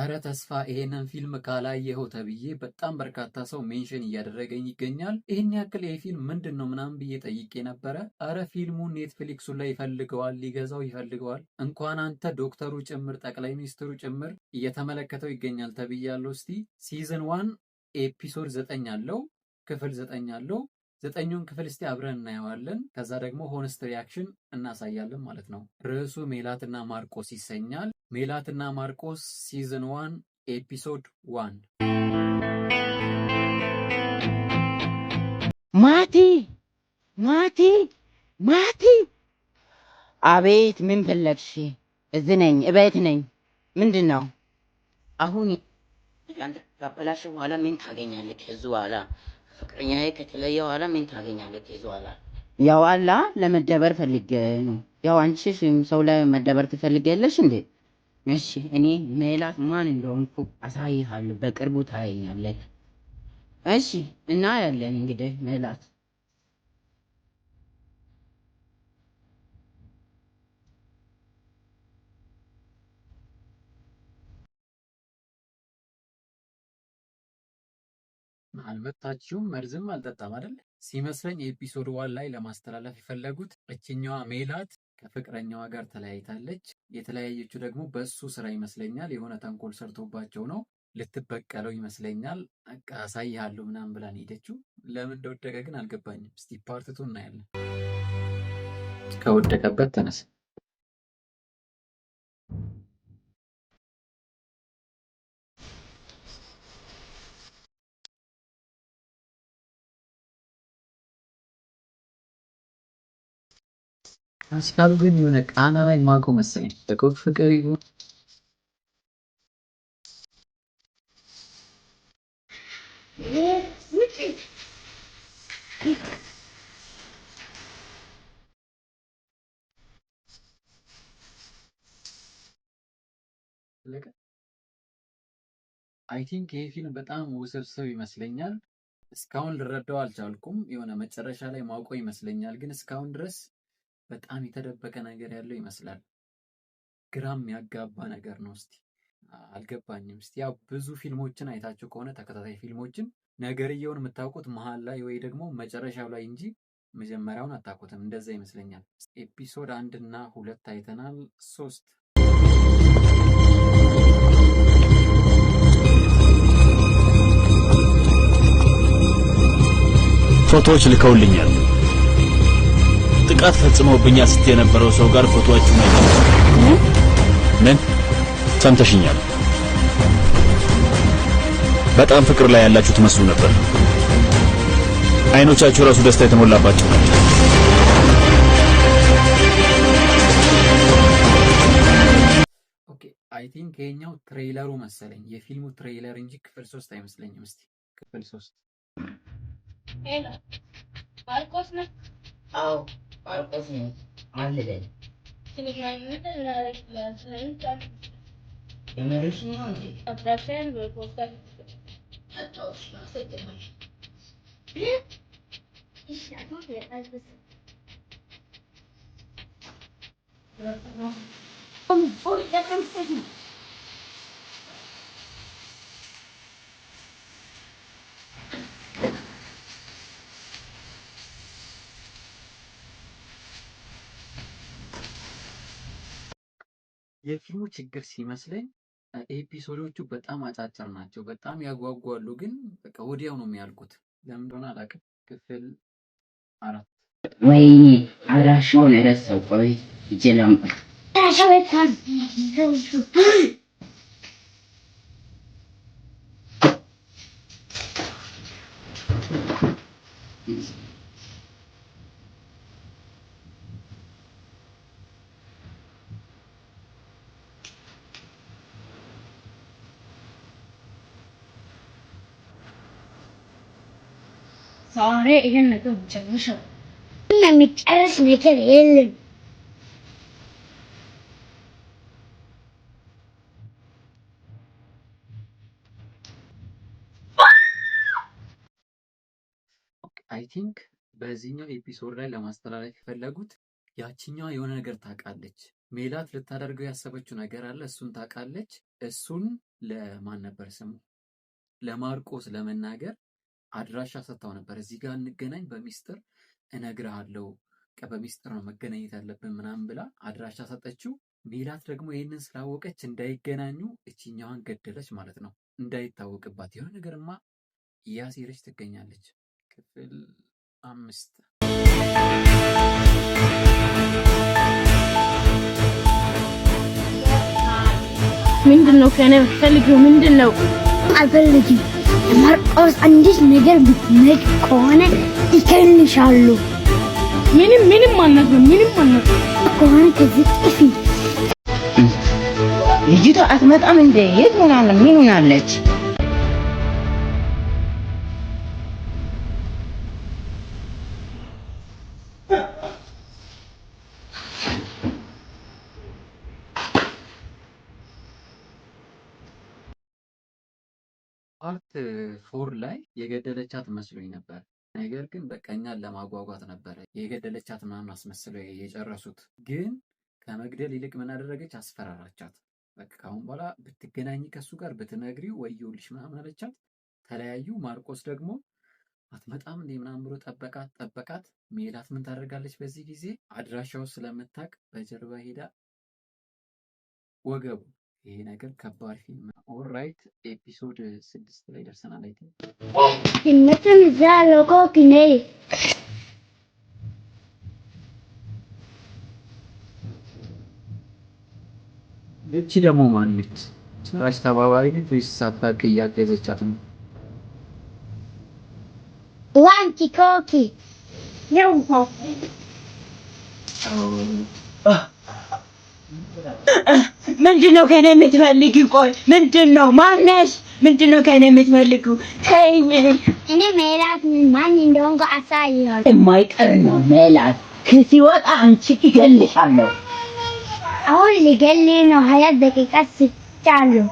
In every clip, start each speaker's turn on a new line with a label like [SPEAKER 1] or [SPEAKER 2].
[SPEAKER 1] እረ ተስፋ ይሄንን ፊልም ካላየኸው ተብዬ በጣም በርካታ ሰው ሜንሽን እያደረገኝ ይገኛል። ይህን ያክል ይህ ፊልም ምንድን ነው ምናምን ብዬ ጠይቄ ነበረ። እረ ፊልሙ ኔትፍሊክሱ ላይ ይፈልገዋል፣ ሊገዛው ይፈልገዋል። እንኳን አንተ ዶክተሩ ጭምር ጠቅላይ ሚኒስትሩ ጭምር እየተመለከተው ይገኛል ተብያለሁ። እስቲ ሲዝን ዋን ኤፒሶድ ዘጠኝ አለው ክፍል ዘጠኝ አለው ዘጠኙን ክፍል እስቲ አብረን እናየዋለን። ከዛ ደግሞ ሆነስት ሪያክሽን እናሳያለን ማለት ነው። ርዕሱ ሜላትና ማርቆስ ይሰኛል። ሜላትና ማርቆስ ሲዝን ዋን ኤፒሶድ ዋን
[SPEAKER 2] ማቲ ማቲ ማቲ አቤት ምን ፈለግሽ? እዚህ ነኝ፣ እቤት ነኝ። ምንድን ነው አሁን? አንተ ካበላሽ በኋላ ምን ታገኛለች እዚህ በኋላ ፍቅረኛዬ ከተለየ በኋላ ምን ታገኛለህ ከዚህ በኋላ? ያው አላ ለመደበር ፈልጌ ነው። ያው አንቺ ሰው ላይ መደበር ትፈልጊያለሽ እንዴ? እሺ እኔ ሜላት ማን እንደሆንኩ አሳይሃለሁ። በቅርቡ ታየኛለህ። እሺ እና ያለን እንግዲህ ሜላት
[SPEAKER 1] አልመታችሁም፣ መርዝም አልጠጣም አይደል? ሲመስለኝ የኤፒሶድ ዋን ላይ ለማስተላለፍ የፈለጉት እችኛዋ ሜላት ከፍቅረኛዋ ጋር ተለያይታለች። የተለያየችው ደግሞ በሱ ስራ ይመስለኛል። የሆነ ተንኮል ሰርቶባቸው ነው። ልትበቀለው ይመስለኛል። በቃ አሳይሃለሁ ምናምን ብላን ሄደችው። ለምን እንደወደቀ ግን አልገባኝም። እስቲ ፓርትቱ እናያለን። ከወደቀበት ተነስ አስካሉ ግን የሆነ ቃና ላይ ማቆ መሰለኝ ጥቁር ፍቅር ይሁን አይ ቲንክ ይሄ ፊልም በጣም ውስብስብ ይመስለኛል። እስካሁን ልረዳው አልቻልኩም። የሆነ መጨረሻ ላይ ማውቀው ይመስለኛል ግን እስካሁን ድረስ በጣም የተደበቀ ነገር ያለው ይመስላል። ግራም ያጋባ ነገር ነው። እስቲ አልገባኝም። እስቲ ያው ብዙ ፊልሞችን አይታችሁ ከሆነ ተከታታይ ፊልሞችን ነገርየውን የምታውቁት መሀል ላይ ወይ ደግሞ መጨረሻው ላይ እንጂ መጀመሪያውን አታውቁትም። እንደዛ ይመስለኛል። ኤፒሶድ አንድ እና ሁለት አይተናል። ሶስት ፎቶዎች ልከውልኛል። ጥቃት ፈጽመውብኛል ስት የነበረው ሰው ጋር ፎቶአችሁ ነው። ምን ሰምተሽኛል? በጣም ፍቅር ላይ ያላችሁ ትመስሉ ነበር። አይኖቻችሁ ራሱ ደስታ የተሞላባችሁ ናቸው። ኦኬ አይ ቲንክ ይሄኛው ትሬይለሩ መሰለኝ የፊልሙ ትሬይለር እንጂ ክፍል ሶስት አይመስለኝም። እስቲ ክፍል ሶስት
[SPEAKER 3] ሄሎ ማርቆስ ነው።
[SPEAKER 2] አዎ Arkasını hallederim.
[SPEAKER 3] Silikmanını da hareketler.
[SPEAKER 2] Ömer Osman değil.
[SPEAKER 3] Atrasyon böyle postal.
[SPEAKER 2] Hatta Osman seçemeyi.
[SPEAKER 3] Ne? İş yapmak ve elbise.
[SPEAKER 2] Oğlum, oy yakın senin.
[SPEAKER 1] የፊልሙ ችግር ሲመስለኝ ኤፒሶዶቹ በጣም አጫጭር ናቸው። በጣም ያጓጓሉ፣ ግን በቃ ወዲያው ነው የሚያልቁት። ለምን እንደሆነ አላውቅም። ክፍል አራት
[SPEAKER 2] ወይ አድራሻውን ረሳው። ቆይ ይጀላም
[SPEAKER 3] Thank ዛሬ ይሄን ነገር ጨርሰ እና የሚጨርስ ነገር የለም።
[SPEAKER 1] አይ ቲንክ በዚህኛው ኤፒሶድ ላይ ለማስተላለፍ የፈለጉት ያችኛዋ የሆነ ነገር ታውቃለች። ሜላት ልታደርገው ያሰበችው ነገር አለ፣ እሱን ታውቃለች። እሱን ለማን ነበር ስሙ ለማርቆስ ለመናገር አድራሻ ሰጥታው ነበር። እዚህ ጋር እንገናኝ፣ በሚስጥር እነግርሃለሁ፣ በሚስጥር ነው መገናኘት ያለብን ምናምን ብላ አድራሻ ሰጠችው። ሜላት ደግሞ ይህንን ስላወቀች እንዳይገናኙ እችኛዋን ገደለች ማለት ነው። እንዳይታወቅባት የሆነ ነገርማ እያሴረች ትገኛለች። ክፍል አምስት
[SPEAKER 2] ምንድን ነው ከእኔ የምትፈልጊው? ምንድን ነው?
[SPEAKER 3] አልፈልጊም ማርቆስ አንዲት ነገር ብትነግ ከሆነ ይከንሻሉ።
[SPEAKER 2] ምንም ምንም ማለት ነው። ምንም ማለት
[SPEAKER 3] ከሆነ ከዚህ ጥፊ
[SPEAKER 2] ልጅቷ አትመጣም እንደ የት ሆናለ? ምን ሆናለች?
[SPEAKER 1] ፓርት ፎር ላይ የገደለቻት መስሎኝ ነበር። ነገር ግን በቃ እኛን ለማጓጓት ነበረ የገደለቻት ምናምን አስመስለው የጨረሱት። ግን ከመግደል ይልቅ ምን አደረገች? አስፈራራቻት። በቃ ካሁን በኋላ ብትገናኝ ከሱ ጋር ብትነግሪው ወዮልሽ ምናምን አለቻት። ተለያዩ። ማርቆስ ደግሞ አትመጣም እንዴ ምናምን ብሎ ጠበቃት ጠበቃት። ሜላት ምን ታደርጋለች? በዚህ ጊዜ አድራሻው ስለምታቅ በጀርባ ሄዳ ወገቡ ይሄ ነገር ከባድ ፊልም። ኦልራይት ኤፒሶድ ስድስት ላይ ደርሰናል። አይ እቺ ደግሞ ማንት ስራሽ ተባባሪ ወይስ ሳታውቅ እያገዘቻት ነው?
[SPEAKER 3] ዋንቲ ኮኪ ነው
[SPEAKER 2] ምንድነው ከእኔ የምትፈልጊ? ቆይ ምንድነው? ማነሽ? ምንድነው ከእኔ የምትፈልጊው? ተይኝ።
[SPEAKER 3] እኔ ሜላት ማን እንደሆንኩ አሳይሻለሁ።
[SPEAKER 2] የማይቀር ነው ሜላት። ሲወጣ አንቺ ይገልሻለሁ።
[SPEAKER 3] አሁን ሊገሊ ነው። ሀያ ደቂቃ ስጫለሁ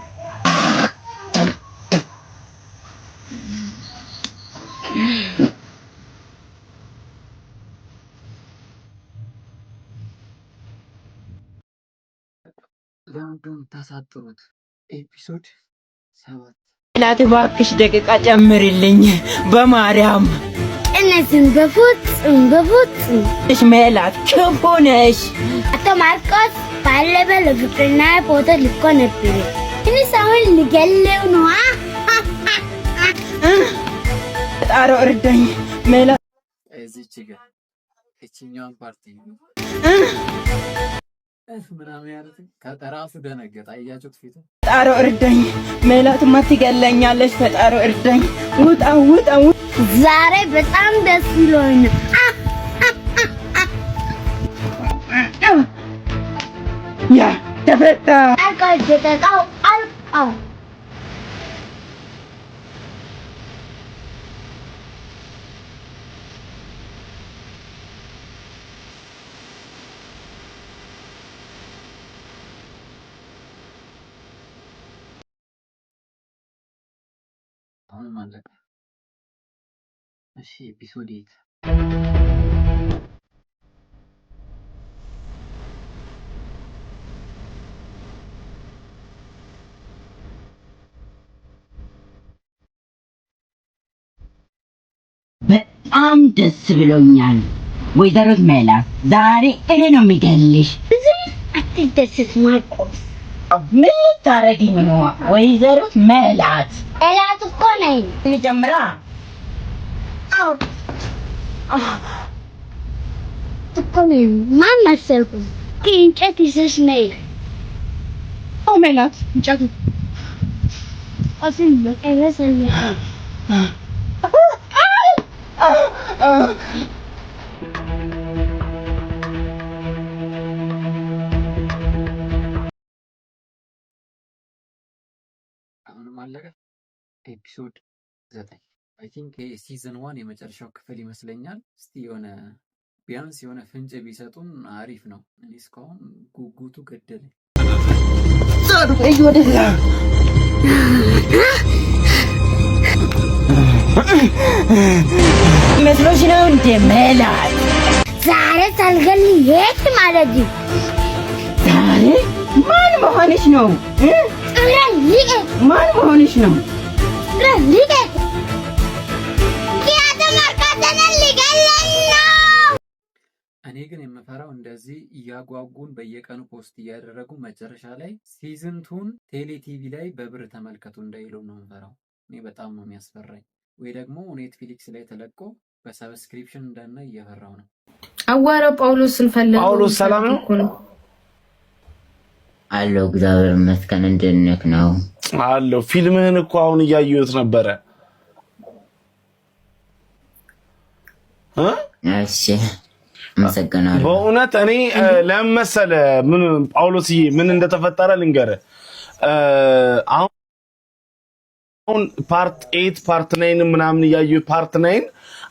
[SPEAKER 1] አንዱን ታሳጥሩት ኤፒሶድ ሰባት
[SPEAKER 2] ላት ባክሽ ደቂቃ ጨምርልኝ በማርያም
[SPEAKER 3] ቅነትን በፍጹም በፍጹም
[SPEAKER 2] እሽ ሜላት ክፉ ነሽ።
[SPEAKER 3] አቶ ማርቆስ ባለፈ ለፍቅርና ፎቶ ልኮ ነበር። እኔ አሁን ልገለው ነው።
[SPEAKER 2] ጣሮ እርዳኝ ሜላት
[SPEAKER 1] እዚች ጋ እችኛዋን ፓርቲ ነው
[SPEAKER 2] ፈጣሮ እርዳኝ፣ ሜላትማ ትገለኛለች። ፈጣሮ እርዳኝ፣ ውጣ ውጣ።
[SPEAKER 3] ዛሬ በጣም ደስ ብሎኝ
[SPEAKER 2] ያ ተፈታ
[SPEAKER 3] አልቃ
[SPEAKER 1] ማለት እሺ ኤፒሶድ ኤት
[SPEAKER 2] በጣም ደስ ብሎኛል። ወይዘሮ ሜላት ዛሬ እኔ ነው የሚገልሽ።
[SPEAKER 3] ብዙ አትደስት ማርቆስ
[SPEAKER 2] من اللي تعرضي منه ويزارو ما لعات
[SPEAKER 3] لعات فقوني
[SPEAKER 2] لجمرا
[SPEAKER 3] تقوني ما نسلكم كي انتاتي سشني
[SPEAKER 2] او مينات انتاتي
[SPEAKER 3] قصين بك انا سلمي
[SPEAKER 1] ሁሉም አለቀ። ኤፒሶድ ዘጠኝ አይ ቲንክ ሲዝን ዋን የመጨረሻው ክፍል ይመስለኛል። እስቲ የሆነ ቢያንስ የሆነ ፍንጭ ቢሰጡን አሪፍ ነው። እኔ እስካሁን ጉጉቱ ገደለኝ።
[SPEAKER 2] መስሎሽ ነው እንደ መላት
[SPEAKER 3] ዛሬ ሳልገል የት ማለት
[SPEAKER 2] ዛሬ ማን መሆንሽ ነው? ማን መሆንሽ ነው?
[SPEAKER 1] እኔ ግን የምፈራው እንደዚህ እያጓጉን በየቀኑ ፖስት እያደረጉ መጨረሻ ላይ ሲዝንቱን ቴሌ ቲቪ ላይ በብር ተመልከቱ እንዳይሉ ነው የምፈራው። እኔ በጣም ነው የሚያስፈራኝ። ወይ ደግሞ ኔትፍሊክስ ላይ ተለቆ በሰብስክሪፕሽን እንዳና እየፈራው ነው።
[SPEAKER 2] አዋራ ጳውሎስን ፈለገው።
[SPEAKER 4] ጳውሎስ ሰላም ነው። አለው እግዚአብሔር ይመስገን። እንድንክ ነው አለው። ፊልምህን እኮ አሁን እያየሁት ነበረ።
[SPEAKER 2] እሺ አመሰግናለሁ።
[SPEAKER 4] በእውነት እኔ ለምን መሰለህ ምን ጳውሎስዬ፣ ምን እንደተፈጠረ ልንገር አሁን ፓርት ኤት ፓርት ናይን ምናምን እያዩ ፓርት ናይን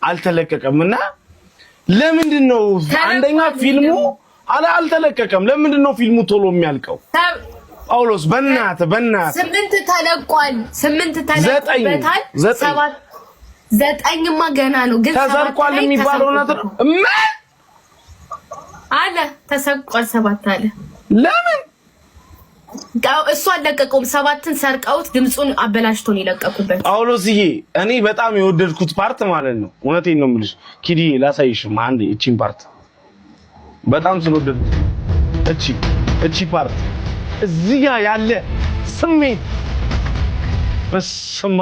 [SPEAKER 4] አልተለቀቀም እና ለምንድን ነው አንደኛ ፊልሙ አለ አልተለቀቀም። ለምንድን ነው ፊልሙ ቶሎ የሚያልቀው? ጳውሎስ በእናትህ በእናትህ
[SPEAKER 3] ስምንት ተለቋል። ስምንት
[SPEAKER 4] ተለቋል።
[SPEAKER 3] ሰባት ዘጠኝማ ገና ነው።
[SPEAKER 4] ግን ተሰርቋል የሚባለው እውነት ነው
[SPEAKER 3] አለ ተሰርቋል። ሰባት አለ ለምን ጋው እሱ አልለቀቀውም። ሰባትን ሰርቀውት ድምፁን አበላሽቶን የለቀቁበት።
[SPEAKER 4] ጳውሎስዬ እኔ በጣም የወደድኩት ፓርት ማለት ነው። እውነቴን ነው የምልሽ ኪዲ ላሳይሽም አንዴ እቺን ፓርት በጣም ስለወደድኩት እቺ እቺ ፓርት እዚያ ያለ ስሜት በስማ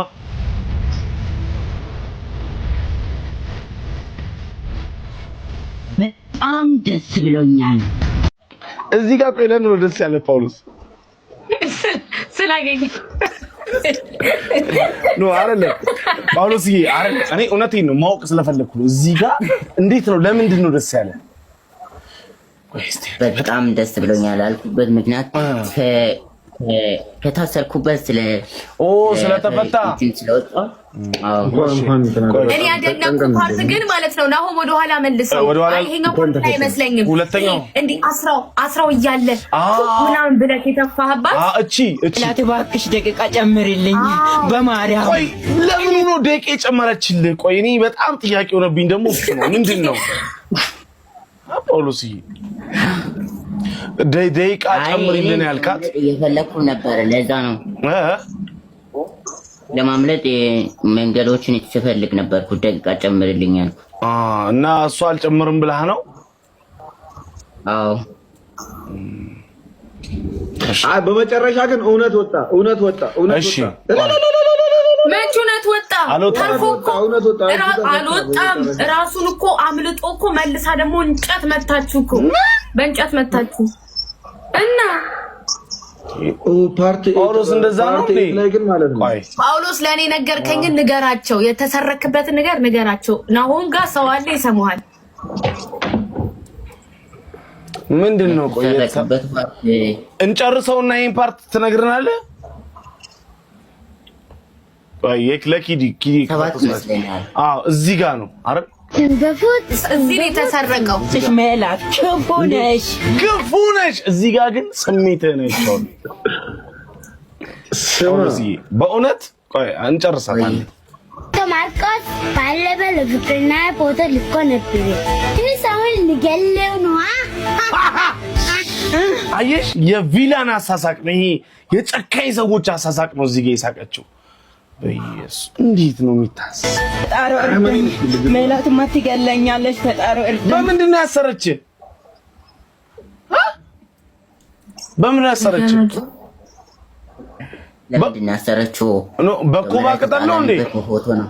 [SPEAKER 2] በጣም ደስ ብሎኛል።
[SPEAKER 4] እዚህ ጋር ቆይ፣ ለምን ነው ደስ ያለ ጳውሎስ? ስላገኘ ኖ አይደለም ጳውሎስዬ፣ እኔ እውነቴን ነው ማወቅ ስለፈለግኩ ነው። እዚህ ጋር እንዴት ነው? ለምንድን ነው ደስ ያለ?
[SPEAKER 2] በጣም ደስ ብሎኛል አልኩበት ምክንያት ከታሰርኩበት ስለ
[SPEAKER 4] ስለተፈታ
[SPEAKER 3] እኔ ያደነቁ ፓርት ግን ማለት ነው ናሆም ወደኋላ መልሰው ይሄኛው ፓርት አይመስለኝም። ሁለተኛው እንዲህ አስራው አስራው እያለ ምናምን ብለህ የተፋህባት
[SPEAKER 4] እቺ እቺ
[SPEAKER 2] ባክሽ ደቂቃ ጨምርልኝ በማርያም።
[SPEAKER 4] ቆይ ለምን ነው ደቂቃ የጨመረችልህ? ቆይ እኔ በጣም ጥያቄ ሆነብኝ ደግሞ ነው ምንድን ነው ጳውሎስ ደቂቃ ጨምሪልን ያልካት
[SPEAKER 2] እየፈለግኩ ነበር። ለዛ ነው ለማምለጥ መንገዶችን ስፈልግ ነበርኩ። ደቂቃ ጨምርልኝ ያልኩ
[SPEAKER 4] እና እሱ አልጨምርም ብላህ ነው። አዎ በመጨረሻ ግን እውነት ወጣ፣ እውነት ወጣ፣ እውነት ወጣ።
[SPEAKER 3] መች እውነት ወጣ? ተርፎ እኮ አልወጣም። እራሱን እኮ አምልጦ እኮ መልሳ ደግሞ እንጨት መታችሁ እኮ በእንጨት መታችሁ እና
[SPEAKER 4] ጳውሎስ እንደዛ ነው።
[SPEAKER 3] ጳውሎስ ለእኔ ነገርከኝን ንገራቸው፣ የተሰረክበትን ነገር ንገራቸው። ናሆም ጋር ሰው አለ ይሰማሃል።
[SPEAKER 4] ምንድን ነው ቆይ እንጨርሰውና ይህን ፓርት ትነግረናለህ። እዚህ ጋር ነው አይደል?
[SPEAKER 3] በፉት እዚህ ነው የተሰረቀው።
[SPEAKER 2] ሜላት ክፉ ነሽ፣
[SPEAKER 4] ክፉ ነሽ። እዚህ ግን በእውነት
[SPEAKER 3] ባለበ ለፍቅርና ፎቶ ልኮ ነበር። ሰውን ልገለው
[SPEAKER 4] አየሽ፣ የቪላን አሳሳቅ ነው ይሄ። የጨካኝ ሰዎች አሳሳቅ ነው እዚህ የሳቀችው በኢየሱስ እንዴት ነው የሚታስ?
[SPEAKER 2] ፈጣሪ እርዳኝ። ሜላትማ ትገለኛለች። ፈጣሪ እርዳኝ።
[SPEAKER 4] በምንድን ነው ያሰረች? በምን ያሰረች?
[SPEAKER 2] ለምንድን ነው ያሰረችው?
[SPEAKER 4] በኮባ ቅጠል ነው እንዴ? ፎቶ ነው።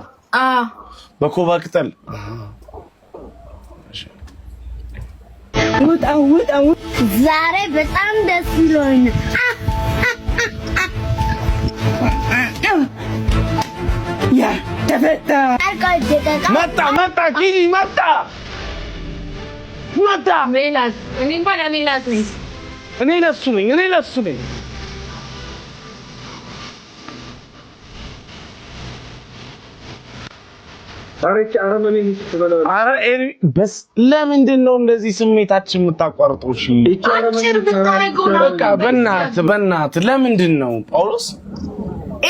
[SPEAKER 4] በኮባ ቅጠል
[SPEAKER 2] ውጣ ውጣ።
[SPEAKER 3] ዛሬ በጣም ደስ ይለኛል።
[SPEAKER 2] ተፈታ።
[SPEAKER 4] መጣ መጣ ኪኒ መጣ መጣ። እኔ ለሱ ነኝ እኔ ለሱ ነኝ። ለምንድን ነው እንደዚህ ስሜታችን የምታቋርጦሽ? በእናትህ በእናትህ ለምንድን ነው ጳውሎስ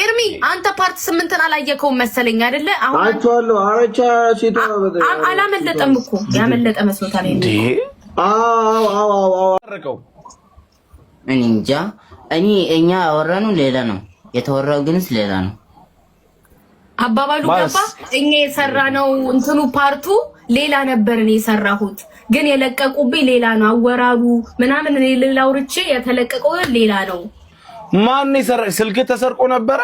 [SPEAKER 3] ኤርሚ አንተ ፓርት ስምንትን አላየከውም መሰለኝ አይደለ?
[SPEAKER 4] አሁን አይቼዋለሁ። አረቻ ሴቷ
[SPEAKER 3] አላመለጠም እኮ ያመለጠ መስሎታል።
[SPEAKER 2] እኔ እንጃ። እኔ እኛ ያወራነው ሌላ ነው፣ የተወራው ግንስ ሌላ ነው።
[SPEAKER 3] አባባሉ ገባ። እኛ ነው እንትኑ ፓርቱ ሌላ ነበር። እኔ የሰራሁት ግን የለቀቁብኝ ሌላ ነው። አወራሩ ምናምን ሌላ አውርቼ የተለቀቀው ሌላ ነው።
[SPEAKER 4] ማን ይሰራ? ስልክ ተሰርቆ ነበረ?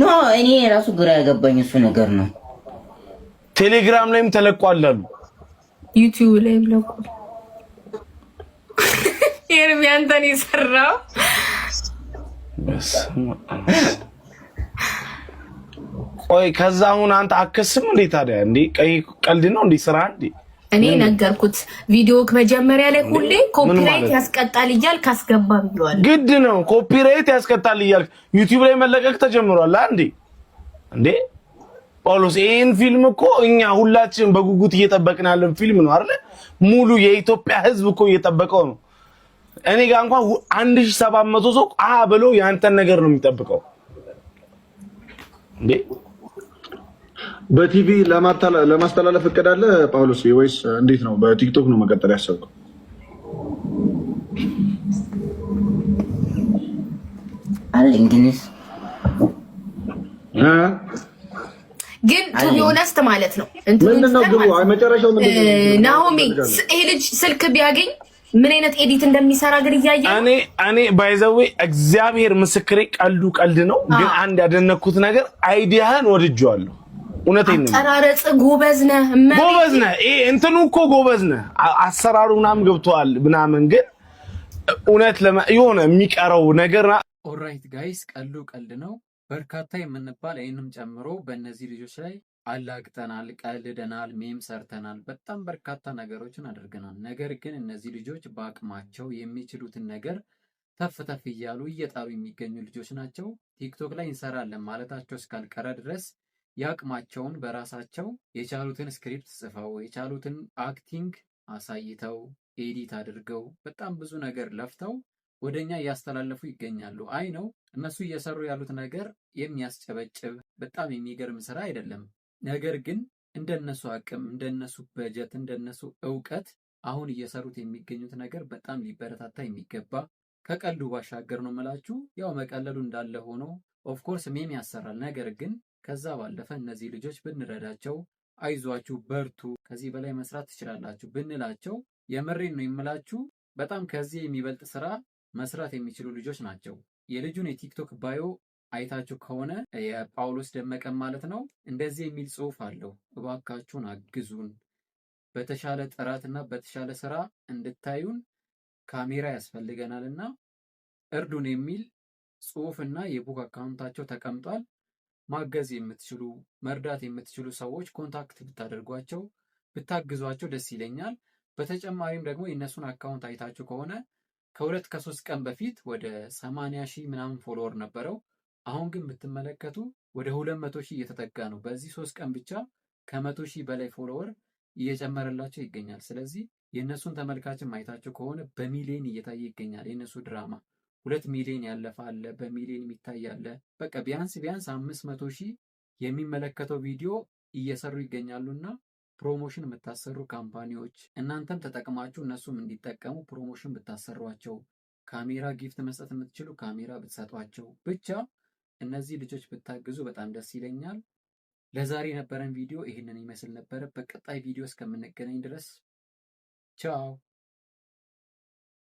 [SPEAKER 2] ኖ እኔ ራሱ ግራ ያገባኝ እሱ ነገር ነው።
[SPEAKER 4] ቴሌግራም ላይም ተለቋል አሉ፣
[SPEAKER 3] ዩቲዩብ ላይም ለቋል። ኤርሚ አንተን የሰራው
[SPEAKER 4] ቆይ፣ ከዛ አሁን አንተ አከስም እንዴ ታዲያ? እንዴ ቀልድ ነው እንዴ ስራ እንዴ
[SPEAKER 3] እኔ ነገርኩት። ቪዲዮ መጀመሪያ ላይ ሁሌ ኮፒራይት ያስቀጣል እያልክ አስገባም ብለዋል።
[SPEAKER 4] ግድ ነው ኮፒራይት ያስቀጣል እያልክ ዩቲዩብ ላይ መለቀቅ ተጀምሯል። አንዴ እንዴ ጳውሎስ፣ ይህን ፊልም እኮ እኛ ሁላችን በጉጉት እየጠበቅን ያለን ፊልም ነው አለ። ሙሉ የኢትዮጵያ ሕዝብ እኮ እየጠበቀው ነው። እኔ ጋር እንኳን አንድ ሺህ ሰባት መቶ ሰው አ ብሎ የአንተን ነገር ነው የሚጠብቀው እንዴ በቲቪ ለማስተላለፍ እቅድ አለ ጳውሎስ ወይስ እንዴት ነው? በቲክቶክ ነው መቀጠል ያሰብከው?
[SPEAKER 3] ግን ቱቢሆነስት ማለት ነው ናሆሚ ይሄ ልጅ ስልክ ቢያገኝ ምን አይነት ኤዲት እንደሚሰራ ግን እያየ
[SPEAKER 4] እኔ እኔ ባይዘዌ እግዚአብሔር ምስክሬ ቀልዱ ቀልድ ነው። ግን አንድ ያደነኩት ነገር አይዲያህን ወድጀዋለሁ። እውነቴን ነው።
[SPEAKER 3] አጠራረጽ ጎበዝ ነህ፣
[SPEAKER 4] ጎበዝ ነህ። ይሄ እንትኑ እኮ ጎበዝ ነህ፣ አሰራሩ ምናምን ገብቶሃል ምናምን፣ ግን እውነት የሆነ የሚቀረው ነገር
[SPEAKER 1] ኦራይት ጋይስ፣ ቀሉ ቀልድ ነው። በርካታ የምንባል ይህንም ጨምሮ በእነዚህ ልጆች ላይ አላግጠናል፣ ቀልደናል፣ ሜም ሰርተናል፣ በጣም በርካታ ነገሮችን አድርገናል። ነገር ግን እነዚህ ልጆች በአቅማቸው የሚችሉትን ነገር ተፍ ተፍ እያሉ እየጣሩ የሚገኙ ልጆች ናቸው። ቲክቶክ ላይ እንሰራለን ማለታቸው እስካልቀረ ድረስ ያቅማቸውን በራሳቸው የቻሉትን ስክሪፕት ጽፈው የቻሉትን አክቲንግ አሳይተው ኤዲት አድርገው በጣም ብዙ ነገር ለፍተው ወደኛ እያስተላለፉ ይገኛሉ። አይ ነው እነሱ እየሰሩ ያሉት ነገር የሚያስጨበጭብ በጣም የሚገርም ስራ አይደለም። ነገር ግን እንደነሱ አቅም፣ እንደነሱ በጀት፣ እንደነሱ እውቀት አሁን እየሰሩት የሚገኙት ነገር በጣም ሊበረታታ የሚገባ ከቀልዱ ባሻገር ነው የምላችሁ። ያው መቀለሉ እንዳለ ሆኖ ኦፍኮርስ ሜም ያሰራል። ነገር ግን ከዛ ባለፈ እነዚህ ልጆች ብንረዳቸው አይዟችሁ፣ በርቱ፣ ከዚህ በላይ መስራት ትችላላችሁ ብንላቸው የምሬን ነው የምላችሁ በጣም ከዚህ የሚበልጥ ስራ መስራት የሚችሉ ልጆች ናቸው። የልጁን የቲክቶክ ባዮ አይታችሁ ከሆነ የጳውሎስ ደመቀን ማለት ነው እንደዚህ የሚል ጽሑፍ አለው። እባካችሁን አግዙን፣ በተሻለ ጥራትና በተሻለ ስራ እንድታዩን ካሜራ ያስፈልገናልና እርዱን የሚል ጽሑፍና የቡክ አካውንታቸው ተቀምጧል። ማገዝ የምትችሉ መርዳት የምትችሉ ሰዎች ኮንታክት ብታደርጓቸው ብታግዟቸው ደስ ይለኛል። በተጨማሪም ደግሞ የእነሱን አካውንት አይታችሁ ከሆነ ከሁለት ከሶስት ቀን በፊት ወደ ሰማንያ ሺህ ምናምን ፎሎወር ነበረው። አሁን ግን ብትመለከቱ ወደ ሁለት መቶ ሺህ እየተጠጋ ነው። በዚህ ሶስት ቀን ብቻ ከመቶ ሺህ በላይ ፎሎወር እየጨመረላቸው ይገኛል። ስለዚህ የእነሱን ተመልካችን አይታችሁ ከሆነ በሚሊዮን እየታየ ይገኛል የእነሱ ድራማ ሁለት ሚሊዮን ያለፈ አለ፣ በሚሊዮን የሚታይ አለ። በቃ ቢያንስ ቢያንስ አምስት መቶ ሺህ የሚመለከተው ቪዲዮ እየሰሩ ይገኛሉ ፕሮሞሽን የምታሰሩ ካምፓኒዎች እናንተም ተጠቅማችሁ እነሱም እንዲጠቀሙ ፕሮሞሽን ብታሰሯቸው፣ ካሜራ ጊፍት መስጠት የምትችሉ ካሜራ ብትሰጧቸው፣ ብቻ እነዚህ ልጆች ብታግዙ በጣም ደስ ይለኛል። ለዛሬ የነበረን ቪዲዮ ይህንን ይመስል ነበረ። በቀጣይ ቪዲዮ እስከምንገናኝ ድረስ ቻው።